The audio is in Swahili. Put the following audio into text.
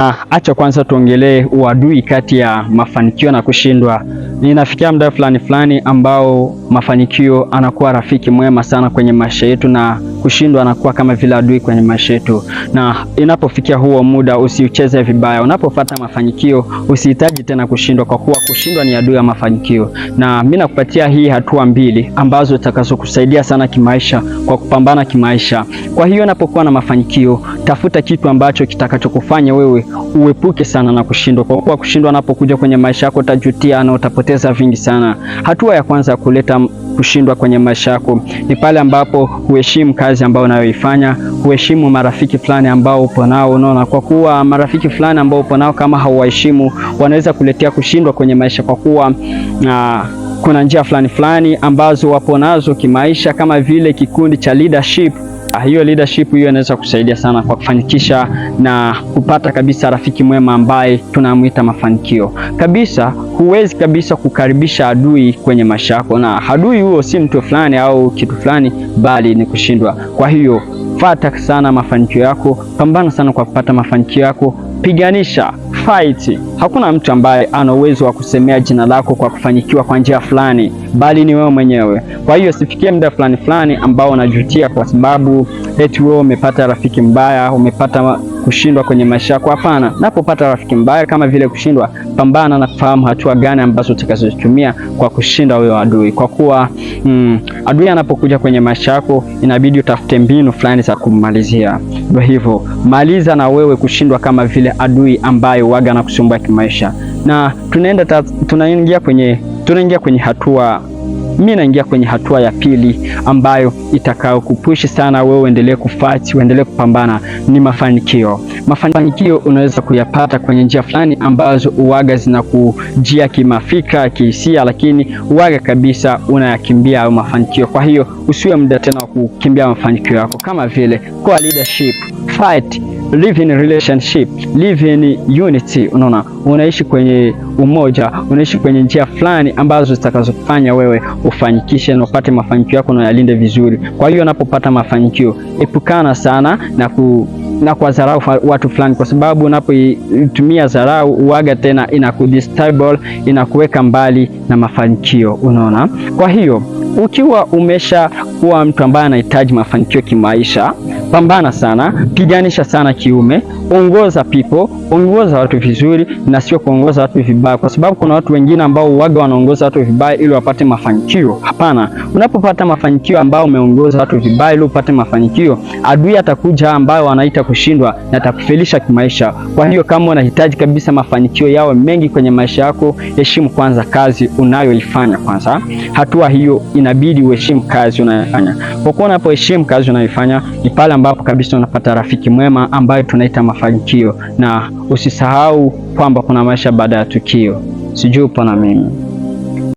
Ah, acha kwanza tuongelee uadui kati ya mafanikio na kushindwa. Ninafikia muda fulani fulani ambao mafanikio anakuwa rafiki mwema sana kwenye maisha yetu na kushindwa kuwa kama vile adui kwenye maisha yetu, na inapofikia huo muda usiucheze vibaya. Unapopata mafanikio usihitaji tena kushindwa, kwa kuwa kushindwa ni adui ya mafanikio. Na mimi nakupatia hii hatua mbili ambazo zitakazokusaidia sana kimaisha, kwa kupambana kimaisha. Kwa hiyo unapokuwa na mafanikio, tafuta kitu ambacho kitakachokufanya wewe uepuke sana na kushindwa, kwa kuwa kushindwa unapokuja kwenye maisha yako utajutia na utapoteza vingi sana. Hatua ya kwanza kuleta kushindwa kwenye maisha yako ni pale ambapo huheshimu kazi ambayo unayoifanya, huheshimu marafiki fulani ambao upo nao. Unaona, kwa kuwa marafiki fulani ambao upo nao kama hauwaheshimu, wanaweza kuletea kushindwa kwenye maisha, kwa kuwa ah, kuna njia fulani fulani ambazo wapo nazo kimaisha, kama vile kikundi cha leadership Ah, hiyo leadership hiyo inaweza kusaidia sana kwa kufanikisha na kupata kabisa rafiki mwema ambaye tunamwita mafanikio kabisa. Huwezi kabisa kukaribisha adui kwenye maisha yako, na adui huo si mtu fulani au kitu fulani, bali ni kushindwa. Kwa hiyo fata sana mafanikio yako, pambana sana kwa kupata mafanikio yako, piganisha fight. Hakuna mtu ambaye ana uwezo wa kusemea jina lako kwa kufanyikiwa kwa njia fulani, bali ni wewe mwenyewe. Kwa hiyo sifikie muda fulani fulani ambao unajutia kwa sababu eti wewe umepata rafiki mbaya, umepata kushindwa kwenye maisha yako. Hapana, napopata rafiki mbaya kama vile kushindwa, pambana na kufahamu hatua gani ambazo utakazotumia kwa kushinda huyo adui, kwa kuwa mm, adui anapokuja kwenye maisha yako inabidi utafute mbinu fulani za kummalizia. Ndio hivyo, maliza na wewe kushindwa kama vile adui ambayo waga na kusumbua kimaisha, na tunaenda tunaingia kwenye tunaingia kwenye hatua mimi naingia kwenye hatua ya pili ambayo itakao kupushi sana wewe uendelee kufati uendelee kupambana. Ni mafanikio. Mafanikio unaweza kuyapata kwenye njia fulani ambazo uwaga zinakujia kimafika kihisia, lakini uwaga kabisa unayakimbia hayo mafanikio. Kwa hiyo usiwe muda tena wa kukimbia mafanikio yako, kama vile kwa leadership fight live in relationship, live in unity. Unaona, unaishi kwenye umoja, unaishi kwenye njia fulani ambazo zitakazofanya wewe ufanikishe na upate mafanikio yako na yalinde vizuri. Kwa hiyo unapopata mafanikio, epukana sana na ku na kwa dharau watu fulani, kwa sababu unapoitumia dharau uwaga tena inakudistable, inakuweka mbali na mafanikio. Unaona, kwa hiyo ukiwa umesha kuwa mtu ambaye anahitaji mafanikio kimaisha pambana sana, piganisha sana kiume, ongoza people, ongoza watu vizuri na sio kuongoza watu vibaya, kwa sababu kuna watu wengine ambao uwaga wanaongoza watu vibaya ili wapate mafanikio. Hapana, unapopata mafanikio ambao umeongoza watu vibaya ili upate mafanikio, adui atakuja ambayo wanaita kushindwa na atakufelisha kimaisha. Kwa hiyo kama unahitaji kabisa mafanikio yawe mengi kwenye maisha yako, heshimu kwanza kazi unayoifanya kwanza. Hatua hiyo inabidi uheshimu kazi unayofanya, kwa kuwa unapoheshimu kazi unayoifanya ni pale ambapo kabisa unapata rafiki mwema ambayo tunaita mafanikio, na usisahau kwamba kuna maisha baada ya tukio. Sijui upo na mimi.